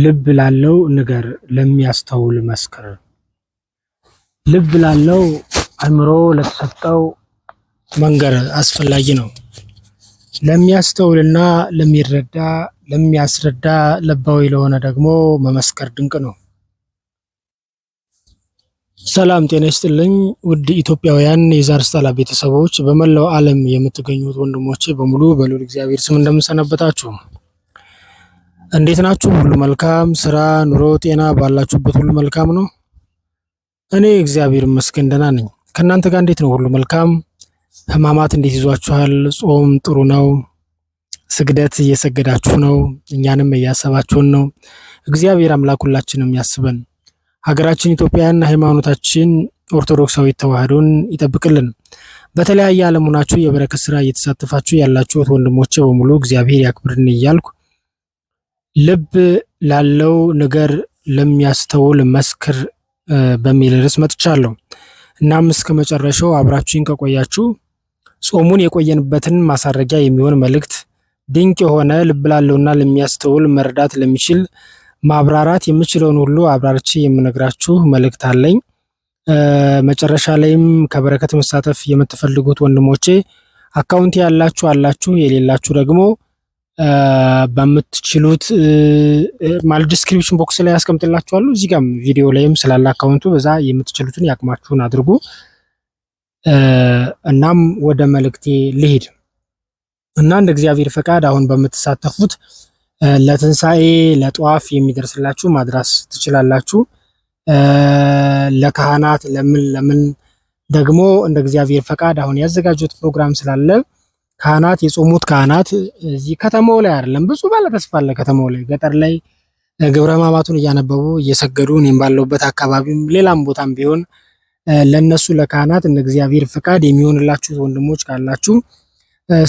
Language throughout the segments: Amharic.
ልብ ላለው ንገር፣ ለሚያስተውል መስክር። ልብ ላለው አእምሮ ለተሰጠው መንገር አስፈላጊ ነው። ለሚያስተውልና ለሚረዳ ለሚያስረዳ ለባዊ ለሆነ ደግሞ መመስከር ድንቅ ነው። ሰላም ጤና ይስጥልኝ ውድ ኢትዮጵያውያን የዛር ስታላ ቤተሰቦች በመላው ዓለም የምትገኙት ወንድሞቼ በሙሉ በሉል እግዚአብሔር ስም እንደምንሰነበታችሁ እንዴት ናችሁ? ሁሉ መልካም ስራ፣ ኑሮ፣ ጤና ባላችሁበት ሁሉ መልካም ነው። እኔ እግዚአብሔር ይመስገን ደህና ነኝ። ከእናንተ ጋር እንዴት ነው? ሁሉ መልካም። ህማማት እንዴት ይዟችኋል? ጾም ጥሩ ነው። ስግደት እየሰገዳችሁ ነው፣ እኛንም እያሰባችሁን ነው። እግዚአብሔር አምላክ ሁላችንም ያስበን፣ ሀገራችን ኢትዮጵያን፣ ሃይማኖታችን ኦርቶዶክሳዊ ተዋህዶን ይጠብቅልን። በተለያየ ዓለም ሆናችሁ የበረከት ስራ እየተሳተፋችሁ ያላችሁት ወንድሞቼ በሙሉ እግዚአብሔር ያክብርን እያልኩ ልብ ላለው ነገር ለሚያስተውል መስክር በሚል ርዕስ መጥቻለሁ። እናም እስከ መጨረሻው አብራችሁን ከቆያችሁ ጾሙን የቆየንበትን ማሳረጊያ የሚሆን መልእክት፣ ድንቅ የሆነ ልብ ላለውና ለሚያስተውል መረዳት ለሚችል ማብራራት የምችለውን ሁሉ አብራርቼ የምነግራችሁ መልእክት አለኝ። መጨረሻ ላይም ከበረከት መሳተፍ የምትፈልጉት ወንድሞቼ አካውንት ያላችሁ አላችሁ፣ የሌላችሁ ደግሞ በምትችሉት ማለት ዲስክሪፕሽን ቦክስ ላይ ያስቀምጥላችኋሉ። እዚህ ጋር ቪዲዮ ላይም ስላለ አካውንቱ በዛ የምትችሉትን ያቅማችሁን አድርጉ። እናም ወደ መልእክቴ ልሄድ እና እንደ እግዚአብሔር ፈቃድ አሁን በምትሳተፉት ለትንሣኤ ለጠዋፍ የሚደርስላችሁ ማድራስ ትችላላችሁ። ለካህናት ለምን ለምን ደግሞ እንደ እግዚአብሔር ፈቃድ አሁን ያዘጋጁት ፕሮግራም ስላለ ካህናት የጾሙት ካህናት እዚህ ከተማው ላይ አይደለም፣ ብዙ ባለ ተስፋ አለ ከተማው ላይ ገጠር ላይ ግብረ ሕማማቱን እያነበቡ እየሰገዱ እኔም ባለውበት አካባቢም ሌላም ቦታም ቢሆን ለነሱ ለካህናት እንደ እግዚአብሔር ፍቃድ የሚሆንላችሁ ወንድሞች ካላችሁ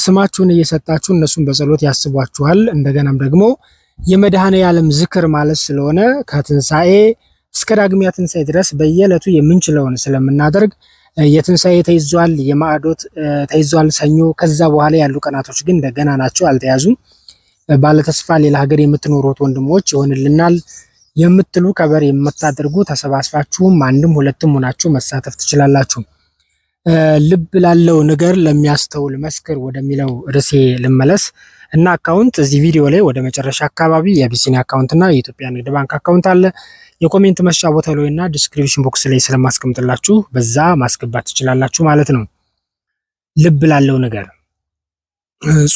ስማችሁን እየሰጣችሁ እነሱን በጸሎት ያስቧችኋል። እንደገናም ደግሞ የመድኃኔ ዓለም ዝክር ማለት ስለሆነ ከትንሣኤ እስከ ዳግሚያ ትንሣኤ ድረስ በየዕለቱ የምንችለውን ስለምናደርግ የትንሣኤ ተይዟል፣ የማዕዶት ተይዟል፣ ሰኞ። ከዛ በኋላ ያሉ ቀናቶች ግን እንደገና ናቸው፣ አልተያዙም። ባለተስፋ ሌላ ሀገር የምትኖሩት ወንድሞች ይሆንልናል የምትሉ ከበር የምታደርጉ ተሰባስባችሁም አንድም ሁለትም ሆናችሁ መሳተፍ ትችላላችሁ። ልብ ላለው ነገር ለሚያስተውል መስክር ወደሚለው ርዕሴ ልመለስ። እና አካውንት እዚህ ቪዲዮ ላይ ወደ መጨረሻ አካባቢ የቢሲኒ አካውንት እና የኢትዮጵያ ንግድ ባንክ አካውንት አለ የኮሜንት መስጫ ቦታ ላይ እና ዲስክሪፕሽን ቦክስ ላይ ስለማስቀምጥላችሁ በዛ ማስገባት ትችላላችሁ ማለት ነው። ልብ ላለው ነገር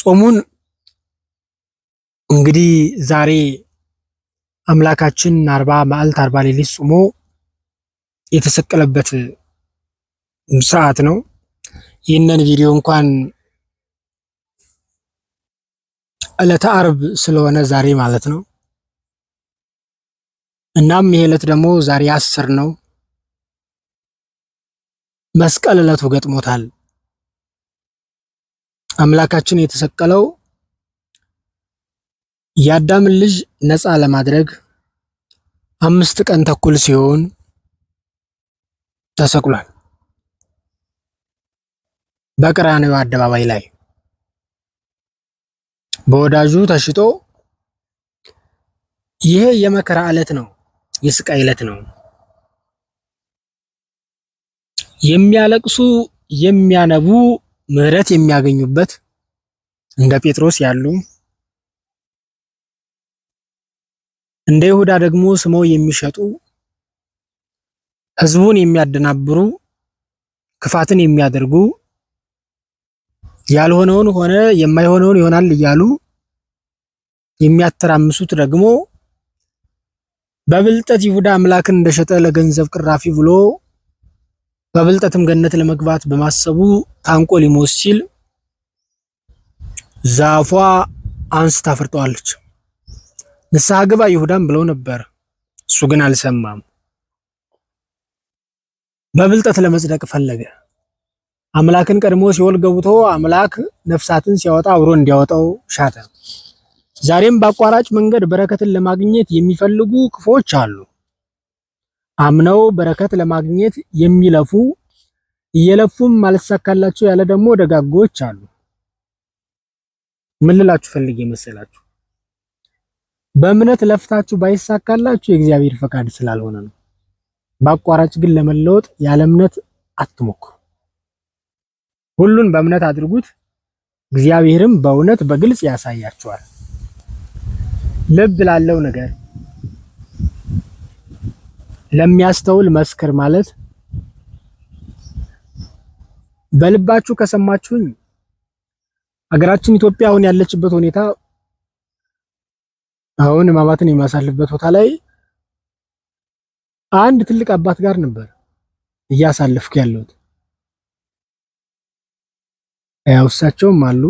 ጾሙን እንግዲህ ዛሬ አምላካችን አርባ መዓልት አርባ ሌሊት ጾሞ የተሰቀለበት ሰዓት ነው። ይህንን ቪዲዮ እንኳን ዕለተ አርብ ስለሆነ ዛሬ ማለት ነው። እናም ይሄ ዕለት ደግሞ ዛሬ አስር ነው። መስቀል ዕለቱ ገጥሞታል። አምላካችን የተሰቀለው የአዳምን ልጅ ነፃ ለማድረግ አምስት ቀን ተኩል ሲሆን ተሰቅሏል በቀራንዮ አደባባይ ላይ በወዳጁ ተሽጦ ይሄ የመከራ ዕለት ነው፣ የስቃይ ዕለት ነው። የሚያለቅሱ የሚያነቡ ምሕረት የሚያገኙበት እንደ ጴጥሮስ ያሉ እንደ ይሁዳ ደግሞ ስመው የሚሸጡ ህዝቡን የሚያደናብሩ ክፋትን የሚያደርጉ ያልሆነውን ሆነ የማይሆነውን ይሆናል እያሉ የሚያተራምሱት ደግሞ በብልጠት ይሁዳ አምላክን እንደሸጠ ለገንዘብ ቅራፊ ብሎ በብልጠትም ገነት ለመግባት በማሰቡ ታንቆ ሊሞት ሲል ዛፏ አንስታ ፈርጠዋለች። ንስሐ ግባ ይሁዳም ብለው ነበር፣ እሱ ግን አልሰማም። በብልጠት ለመጽደቅ ፈለገ። አምላክን ቀድሞ ሲኦል ገብቶ አምላክ ነፍሳትን ሲያወጣ አብሮ እንዲያወጣው ሻተ። ዛሬም በአቋራጭ መንገድ በረከትን ለማግኘት የሚፈልጉ ክፎች አሉ። አምነው በረከት ለማግኘት የሚለፉ እየለፉም አልሳካላቸው ያለ ደግሞ ደጋጎች አሉ። ምን ልላችሁ ፈልጌ መሰላችሁ? በእምነት ለፍታችሁ ባይሳካላችሁ የእግዚአብሔር ፈቃድ ስላልሆነ ነው። በአቋራጭ ግን ለመለወጥ ያለ እምነት አትሞክሩ። ሁሉን በእምነት አድርጉት፣ እግዚአብሔርም በእውነት በግልጽ ያሳያችኋል። ልብ ላለው ነገር ለሚያስተውል መስክር ማለት በልባችሁ ከሰማችሁኝ ሀገራችን ኢትዮጵያ አሁን ያለችበት ሁኔታ አሁን ሕማማትን የሚያሳልፍበት ቦታ ላይ አንድ ትልቅ አባት ጋር ነበር እያሳለፍኩ ያለሁት። ያው እሳቸውም አሉ።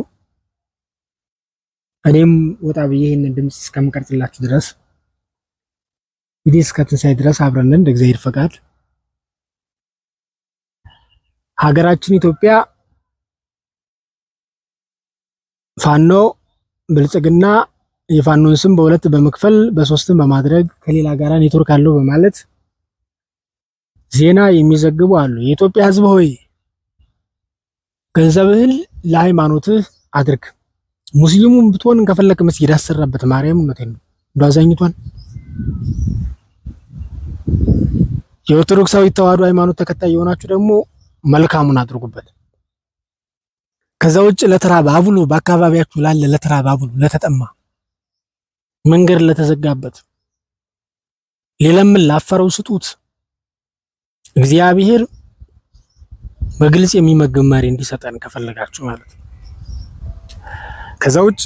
እኔም ወጣ ብዬ ይህንን ድምፅ እስከምቀርጽላችሁ ድረስ እንግዲህ እስከ ትንሣኤ ድረስ አብረን እንደ እግዚአብሔር ፈቃድ ሀገራችን ኢትዮጵያ ፋኖ ብልጽግና የፋኖን ስም በሁለት በመክፈል በሶስትም በማድረግ ከሌላ ጋራ ኔትወርክ አለው በማለት ዜና የሚዘግቡ አሉ። የኢትዮጵያ ሕዝብ ሆይ ገንዘብህን ለሃይማኖትህ አድርግ። ሙስሊሙን ብትሆን ከፈለክ መስጊድ አሰራበት። ማርያም ነው ተን የኦርቶዶክሳዊ ተዋህዶ ሃይማኖት ተከታይ የሆናችሁ ደግሞ መልካሙን አድርጉበት። ከዛ ውጭ ለተራበ አብሉ፣ በአካባቢያችሁ ላለ ለተራበ አብሉ፣ ለተጠማ መንገድ ለተዘጋበት፣ ሌለምን ላፈረው ስጡት። እግዚአብሔር በግልጽ የሚመግብ መሪ እንዲሰጠን ከፈለጋችሁ ማለት ነው። ከዛ ውጭ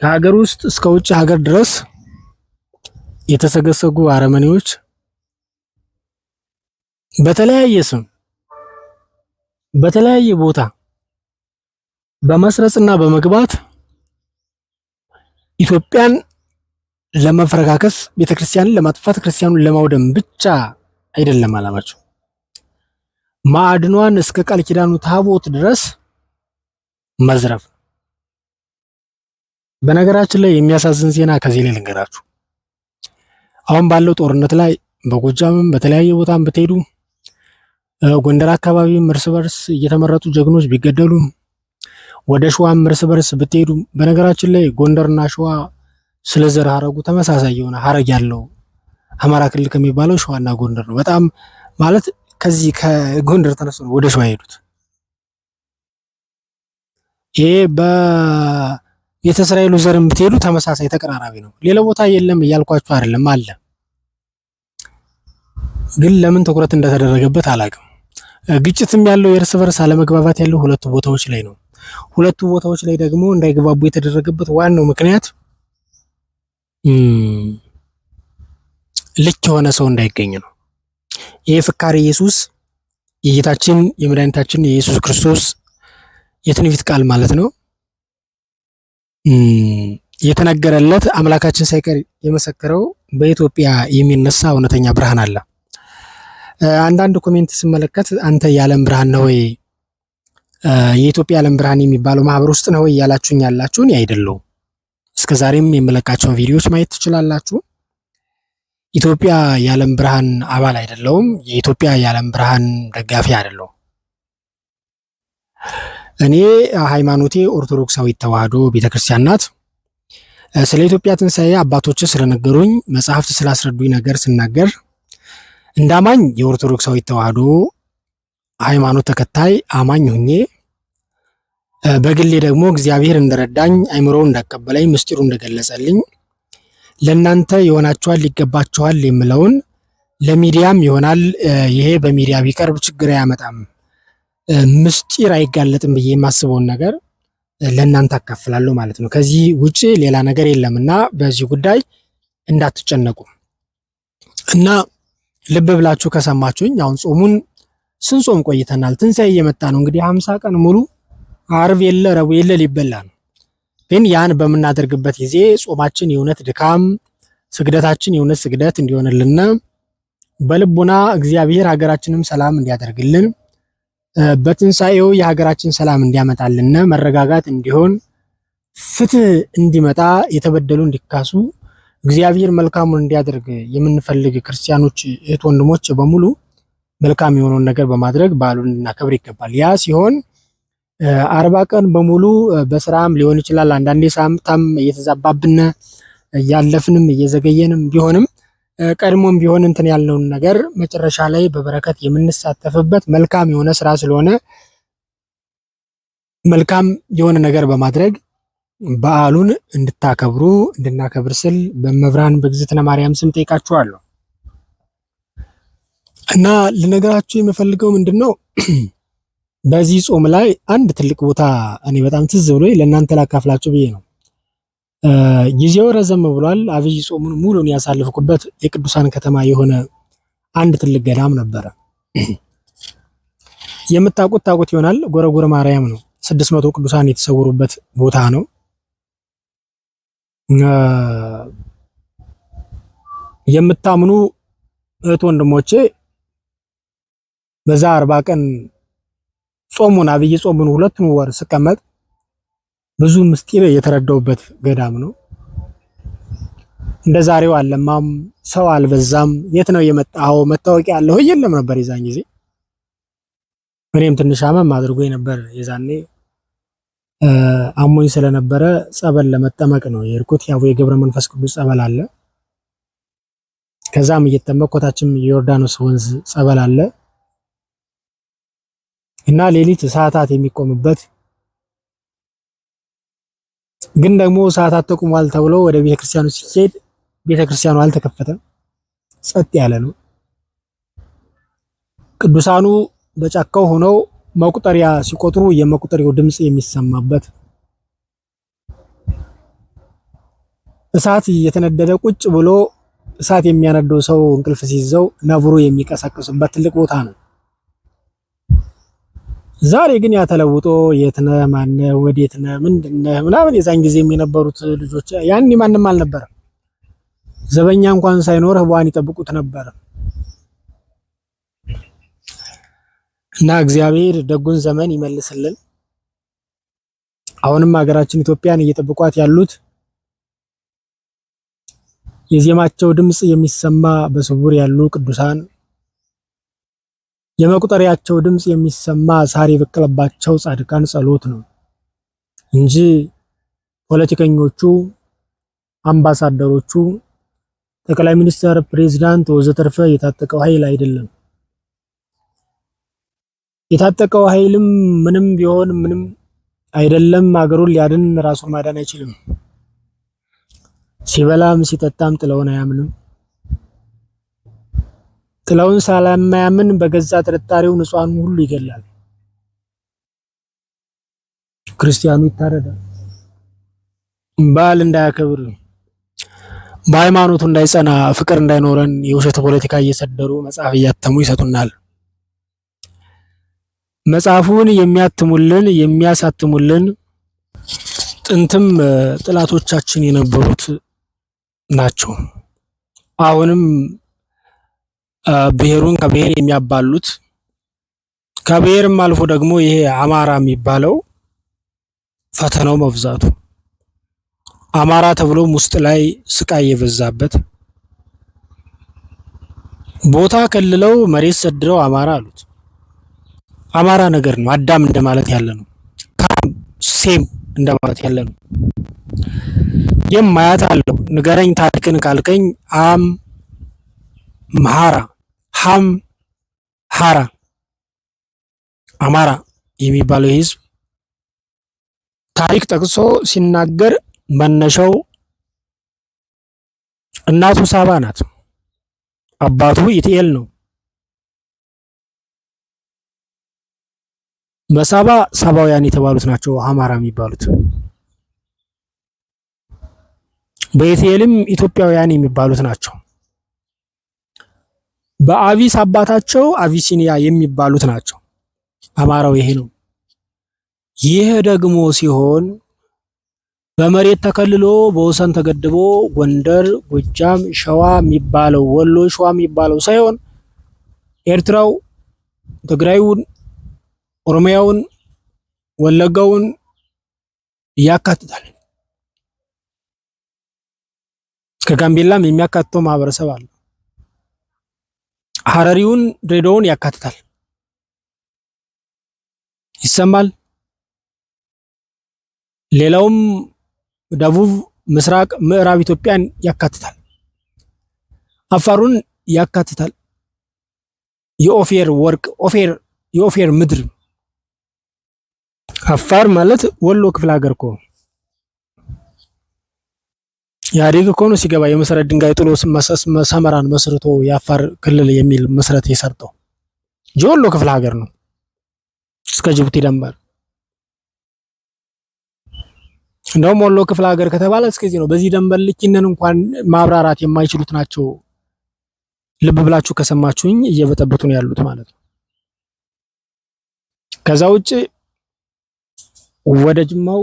ከሀገር ውስጥ እስከ ውጭ ሀገር ድረስ የተሰገሰጉ አረመኔዎች በተለያየ ስም በተለያየ ቦታ በመስረጽና በመግባት ኢትዮጵያን ለመፈረካከስ ቤተክርስቲያንን ለማጥፋት ክርስቲያኑን ለማውደም ብቻ አይደለም አላማቸው። ማዕድኗን እስከ ቃል ኪዳኑ ታቦት ድረስ መዝረፍ። በነገራችን ላይ የሚያሳዝን ዜና ከዚህ ላይ ልንገራችሁ። አሁን ባለው ጦርነት ላይ በጎጃምም በተለያየ ቦታም ብትሄዱ ጎንደር አካባቢም እርስ በርስ እየተመረጡ ጀግኖች ቢገደሉም ወደ ሸዋም እርስ በርስ ብትሄዱ፣ በነገራችን ላይ ጎንደርና ሸዋ ስለ ዘር ሀረጉ ተመሳሳይ የሆነ ሀረግ ያለው አማራ ክልል ከሚባለው ሸዋና ጎንደር ነው። በጣም ማለት ከዚህ ከጎንደር ተነስቶ ነው ወደ ሸዋ የሄዱት። ይሄ እስራኤሉ ዘርም ብትሄዱ ተመሳሳይ ተቀራራቢ ነው። ሌላ ቦታ የለም እያልኳችሁ አይደለም፣ አለ ግን ለምን ትኩረት እንደተደረገበት አላውቅም። ግጭትም ያለው የእርስ በርስ አለመግባባት ያለው ሁለቱ ቦታዎች ላይ ነው። ሁለቱ ቦታዎች ላይ ደግሞ እንዳይግባቡ የተደረገበት ዋናው ምክንያት ልክ የሆነ ሰው እንዳይገኝ ነው። የፍካሬ ኢየሱስ የጌታችን የመድኃኒታችን የኢየሱስ ክርስቶስ የትንቢት ቃል ማለት ነው የተነገረለት አምላካችን ሳይቀር የመሰከረው በኢትዮጵያ የሚነሳ እውነተኛ ብርሃን አለ። አንዳንድ ኮሜንት ስመለከት አንተ የዓለም ብርሃን ነው ወይ የኢትዮጵያ የዓለም ብርሃን የሚባለው ማህበር ውስጥ ነው ወይ እያላችሁኝ ያላችሁን አይደለሁም። እስከዛሬም የምለቃቸውን ቪዲዮዎች ማየት ትችላላችሁ። ኢትዮጵያ የዓለም ብርሃን አባል አይደለውም። የኢትዮጵያ የዓለም ብርሃን ደጋፊ አይደለሁም። እኔ ሃይማኖቴ ኦርቶዶክሳዊት ተዋህዶ ቤተክርስቲያን ናት። ስለ ኢትዮጵያ ትንሣኤ አባቶች ስለነገሩኝ መጽሐፍት ስላስረዱኝ ነገር ስናገር እንዳማኝ የኦርቶዶክሳዊት ተዋህዶ ሃይማኖት ተከታይ አማኝ ሁኜ በግሌ ደግሞ እግዚአብሔር እንደረዳኝ አይምሮው እንዳቀበለኝ ምስጢሩ እንደገለጸልኝ ለእናንተ ይሆናችኋል፣ ሊገባችኋል የምለውን ለሚዲያም ይሆናል። ይሄ በሚዲያ ቢቀርብ ችግር አያመጣም፣ ምስጢር አይጋለጥም ብዬ የማስበውን ነገር ለእናንተ አካፍላለሁ ማለት ነው። ከዚህ ውጭ ሌላ ነገር የለም እና በዚህ ጉዳይ እንዳትጨነቁ እና ልብ ብላችሁ ከሰማችሁኝ አሁን ጾሙን ስንጾም ቆይተናል። ትንሣኤ እየመጣ ነው እንግዲህ ሀምሳ ቀን ሙሉ አርብ የለ ረቡዕ የለ ሊበላ ነው። ግን ያን በምናደርግበት ጊዜ ጾማችን የእውነት ድካም፣ ስግደታችን የእውነት ስግደት እንዲሆንልን በልቡና እግዚአብሔር ሀገራችንም ሰላም እንዲያደርግልን በትንሣኤው የሀገራችን ሰላም እንዲያመጣልን መረጋጋት እንዲሆን ፍትህ እንዲመጣ የተበደሉ እንዲካሱ እግዚአብሔር መልካሙን እንዲያደርግ የምንፈልግ ክርስቲያኖች እህት ወንድሞች በሙሉ መልካም የሆነውን ነገር በማድረግ በዓሉን ልናከብር ይገባል። ያ ሲሆን አርባ ቀን በሙሉ በስራም ሊሆን ይችላል አንዳንዴ ሳምታም እየተዛባብን እያለፍንም እየዘገየንም ቢሆንም ቀድሞም ቢሆን እንትን ያልነውን ነገር መጨረሻ ላይ በበረከት የምንሳተፍበት መልካም የሆነ ስራ ስለሆነ መልካም የሆነ ነገር በማድረግ በዓሉን እንድታከብሩ እንድናከብር ስል በመብራን በግዝትነ ማርያም ስም ጠይቃችኋለሁ እና ልነግራችሁ የምፈልገው ምንድን ነው በዚህ ጾም ላይ አንድ ትልቅ ቦታ እኔ በጣም ትዝ ብሎ ለእናንተ ላካፍላችሁ ብዬ ነው። ጊዜው ረዘም ብሏል። አብይ ጾሙን ሙሉን ያሳልፍኩበት የቅዱሳን ከተማ የሆነ አንድ ትልቅ ገዳም ነበረ። የምታውቁት ታውቁት ይሆናል። ጎረጎረ ማርያም ነው። ስድስት መቶ ቅዱሳን የተሰወሩበት ቦታ ነው። የምታምኑ እህት ወንድሞቼ በዛ አርባ ቀን ጾሙን አብይ ጾሙን ሁለቱን ወር ስቀመጥ ብዙ ምስጢር የተረዳውበት ገዳም ነው። እንደ ዛሬው አለማም ሰው አልበዛም። የት ነው የመጣው? መታወቂያ አለሁ የለም ነበር የዛን ጊዜ። እኔም ትንሽ አመም አድርጎ ነበር የዛኔ አሞኝ ስለነበረ ጸበል ለመጠመቅ ነው የሄድኩት። ያው የገብረ መንፈስ ቅዱስ ጸበል አለ። ከዛም እየተጠመቅኩ ታችም የዮርዳኖስ ወንዝ ጸበል አለ። እና ሌሊት ሰዓታት የሚቆምበት ግን ደግሞ ሰዓታት ተቁሟል ተብሎ ወደ ቤተክርስቲያኑ ሲሄድ ቤተክርስቲያኑ አልተከፈተም፣ ጸጥ ያለ ነው። ቅዱሳኑ በጫካው ሆነው መቁጠሪያ ሲቆጥሩ የመቁጠሪያው ድምፅ የሚሰማበት እሳት እየተነደደ ቁጭ ብሎ እሳት የሚያነደው ሰው እንቅልፍ ሲይዘው ነብሩ የሚቀሰቅስበት ትልቅ ቦታ ነው። ዛሬ ግን ያተለውጦ የትነ የት ነህ ማነህ ወዴት ነህ ምንድን ምናምን የዛን ጊዜ የነበሩት ልጆች ያኔ ማንም አልነበረ ዘበኛ እንኳን ሳይኖር ህዋን ይጠብቁት ነበር። እና እግዚአብሔር ደጉን ዘመን ይመልስልን። አሁንም ሀገራችን ኢትዮጵያን እየጠብቋት ያሉት የዜማቸው ድምፅ የሚሰማ በስውር ያሉ ቅዱሳን የመቁጠሪያቸው ድምፅ የሚሰማ ሳር የበቀለባቸው ጻድቃን ጸሎት ነው እንጂ ፖለቲከኞቹ፣ አምባሳደሮቹ፣ ጠቅላይ ሚኒስትር፣ ፕሬዚዳንት ወዘተርፈ የታጠቀው ኃይል አይደለም። የታጠቀው ኃይልም ምንም ቢሆን ምንም አይደለም። አገሩን ሊያድን ራሱን ማዳን አይችልም። ሲበላም ሲጠጣም ጥለውን አያምንም። ጥላውን ሳላማያምን በገዛ ጥርጣሬው ንጹሃን ሁሉ ይገላል። ክርስቲያኑ ይታረዳል። በዓል እንዳያከብር በሃይማኖቱ እንዳይጸና ፍቅር እንዳይኖረን የውሸት ፖለቲካ እየሰደሩ መጽሐፍ እያተሙ ይሰጡናል። መጽሐፉን የሚያትሙልን የሚያሳትሙልን ጥንትም ጥላቶቻችን የነበሩት ናቸው። አሁንም ብሔሩን ከብሔር የሚያባሉት ከብሔርም አልፎ ደግሞ ይሄ አማራ የሚባለው ፈተናው መብዛቱ አማራ ተብሎም ውስጥ ላይ ስቃይ የበዛበት ቦታ ከልለው መሬት ሰድረው አማራ አሉት። አማራ ነገር ነው። አዳም እንደማለት ያለ ነው። ካም ሴም እንደማለት ያለ ነው። የማያት አለው ንገረኝ ታሪክን ካልከኝ አም መሃራ ሀም ሀራ አማራ የሚባለው ህዝብ ታሪክ ጠቅሶ ሲናገር መነሻው እናቱ ሳባ ናት፣ አባቱ ኢትኤል ነው። በሳባ ሳባውያን የተባሉት ናቸው አማራ የሚባሉት። በኢትኤልም ኢትዮጵያውያን የሚባሉት ናቸው። በአቢስ አባታቸው አቪሲኒያ የሚባሉት ናቸው። አማራው ይሄ ነው። ይህ ደግሞ ሲሆን በመሬት ተከልሎ በወሰን ተገድቦ ጎንደር፣ ጎጃም፣ ሸዋ የሚባለው ወሎ፣ ሸዋ የሚባለው ሳይሆን ኤርትራው፣ ትግራዩን፣ ኦሮሚያውን፣ ወለጋውን ያካትታል። ከጋምቤላም የሚያካትተው ማህበረሰብ አለ። ሀረሪውን ድሬዳዋን ያካትታል። ይሰማል። ሌላውም ደቡብ፣ ምስራቅ፣ ምዕራብ ኢትዮጵያን ያካትታል። አፋሩን ያካትታል። የኦፌር ወርቅ ኦፌር የኦፌር ምድር አፋር ማለት ወሎ ክፍለ ሀገር እኮ ኢህአዴግ እኮ ነው ሲገባ የመሰረት ድንጋይ ጥሎ ሰመራን መስርቶ የአፋር ክልል የሚል መሰረት የሰጠው ጆሎ ክፍለ ሀገር ነው እስከ ጅቡቲ ደንበር። እንደውም ወሎ ክፍለ ሀገር ከተባለ እስከዚህ ነው። በዚህ ደንበር ልኪነን እንኳን ማብራራት የማይችሉት ናቸው። ልብ ብላችሁ ከሰማችሁኝ እየበጠበጡ ነው ያሉት ማለት ነው። ከዛ ውጭ ወደ ጅማው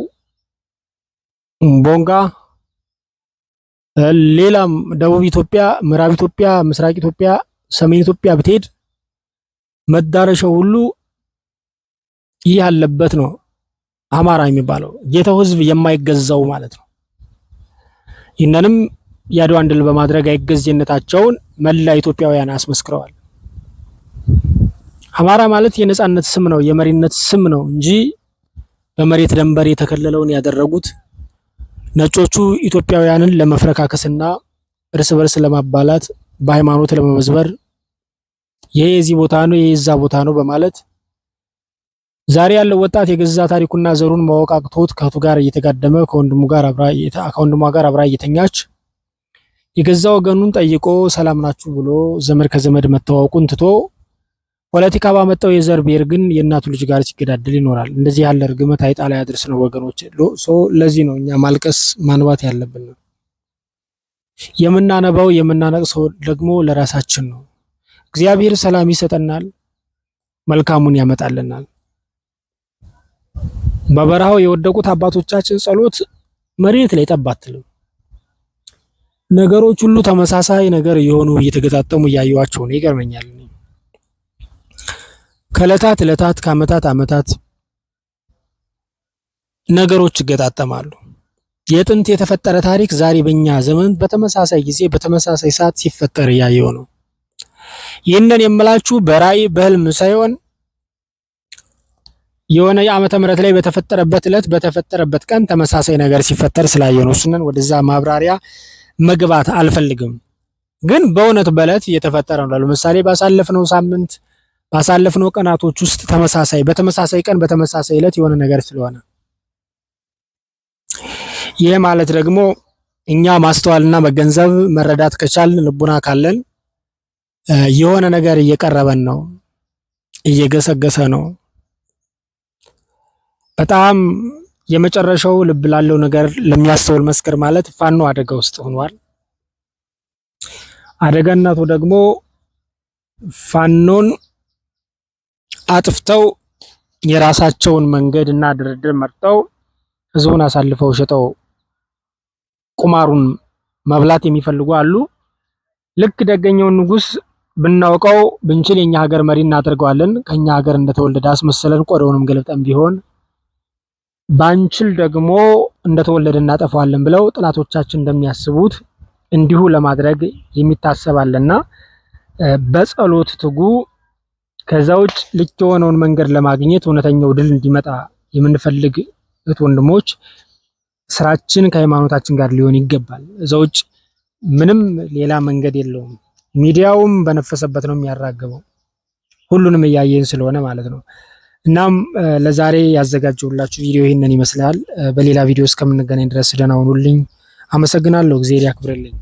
ቦንጋ ሌላም ደቡብ ኢትዮጵያ፣ ምዕራብ ኢትዮጵያ፣ ምስራቅ ኢትዮጵያ፣ ሰሜን ኢትዮጵያ ብትሄድ መዳረሻው ሁሉ ይህ ያለበት ነው። አማራ የሚባለው ጌታው ህዝብ የማይገዛው ማለት ነው። ይህንንም የአድዋን ድል በማድረግ አይገዜነታቸውን መላ ኢትዮጵያውያን አስመስክረዋል። አማራ ማለት የነጻነት ስም ነው፣ የመሪነት ስም ነው እንጂ በመሬት ደንበር የተከለለውን ያደረጉት ነጮቹ ኢትዮጵያውያንን ለመፍረካከስና እርስ በርስ ለማባላት በሃይማኖት ለመመዝበር ይሄ የዚህ ቦታ ነው፣ ይሄ የዛ ቦታ ነው በማለት ዛሬ ያለው ወጣት የገዛ ታሪኩና ዘሩን ማወቅ አቅቶት ከእህቱ ጋር እየተጋደመ ከወንድሙ ጋር አብራ ከወንድሟ ጋር አብራ እየተኛች የገዛ ወገኑን ጠይቆ ሰላም ናችሁ ብሎ ዘመድ ከዘመድ መተዋወቁን ትቶ ፖለቲካ ባመጣው የዘር ብሔር ግን የእናቱ ልጅ ጋር ሲገዳደል ይኖራል። እንደዚህ ያለ እርግመት ላይ አድርስ ነው ወገኖች። ለዚህ ነው እኛ ማልቀስ ማንባት ያለብን። የምናነባው የምናነቅሰው ደግሞ ለራሳችን ነው። እግዚአብሔር ሰላም ይሰጠናል፣ መልካሙን ያመጣልናል። በበረሃው የወደቁት አባቶቻችን ጸሎት መሬት ላይ ጠብ ነገሮች ሁሉ ተመሳሳይ ነገር የሆኑ እየተገጣጠሙ እያየዋቸው ነው። ይገርመኛል። ከእለታት እለታት ከአመታት አመታት ነገሮች ይገጣጠማሉ። የጥንት የተፈጠረ ታሪክ ዛሬ በእኛ ዘመን በተመሳሳይ ጊዜ በተመሳሳይ ሰዓት ሲፈጠር እያየው ነው። ይህንን የምላችሁ በራእይ በህልም ሳይሆን የሆነ የዓመተ ምሕረት ላይ በተፈጠረበት ለት በተፈጠረበት ቀን ተመሳሳይ ነገር ሲፈጠር ስላየ ነው። እሱንን ወደዛ ማብራሪያ መግባት አልፈልግም፣ ግን በእውነት በለት እየተፈጠረ ነው። ለምሳሌ ባሳለፍነው ሳምንት ባሳለፍነው ቀናቶች ውስጥ ተመሳሳይ በተመሳሳይ ቀን በተመሳሳይ ዕለት የሆነ ነገር ስለሆነ ይህ ማለት ደግሞ እኛ ማስተዋልና መገንዘብ መረዳት ከቻል ልቡና ካለን የሆነ ነገር እየቀረበን ነው፣ እየገሰገሰ ነው። በጣም የመጨረሻው ልብ ላለው ነገር ለሚያስተውል መስክር ማለት ፋኖ አደጋ ውስጥ ሆኗል። አደጋነቱ ደግሞ ፋኖን አጥፍተው የራሳቸውን መንገድ እና ድርድር መርጠው ህዝቡን አሳልፈው ሸጠው ቁማሩን መብላት የሚፈልጉ አሉ። ልክ ደገኘውን ንጉስ ብናውቀው ብንችል የኛ ሀገር መሪ እናደርገዋለን። ከኛ ሀገር እንደተወለደ አስመሰለን፣ ቆዳውንም ገልብጠን ቢሆን ባንችል ደግሞ እንደተወለደ እናጠፋዋለን ብለው ጥላቶቻችን እንደሚያስቡት እንዲሁ ለማድረግ የሚታሰባልና በጸሎት ትጉ። ከዛ ውጭ ልክ የሆነውን መንገድ ለማግኘት እውነተኛው ድል እንዲመጣ የምንፈልግ እህት ወንድሞች ስራችን ከሃይማኖታችን ጋር ሊሆን ይገባል። እዛ ውጭ ምንም ሌላ መንገድ የለውም። ሚዲያውም በነፈሰበት ነው የሚያራግበው፣ ሁሉንም እያየን ስለሆነ ማለት ነው። እናም ለዛሬ ያዘጋጀሁላችሁ ቪዲዮ ይህንን ይመስላል። በሌላ ቪዲዮ እስከምንገናኝ ድረስ ደህና ሁኑልኝ። አመሰግናለሁ። እግዜር ያክብርልኝ።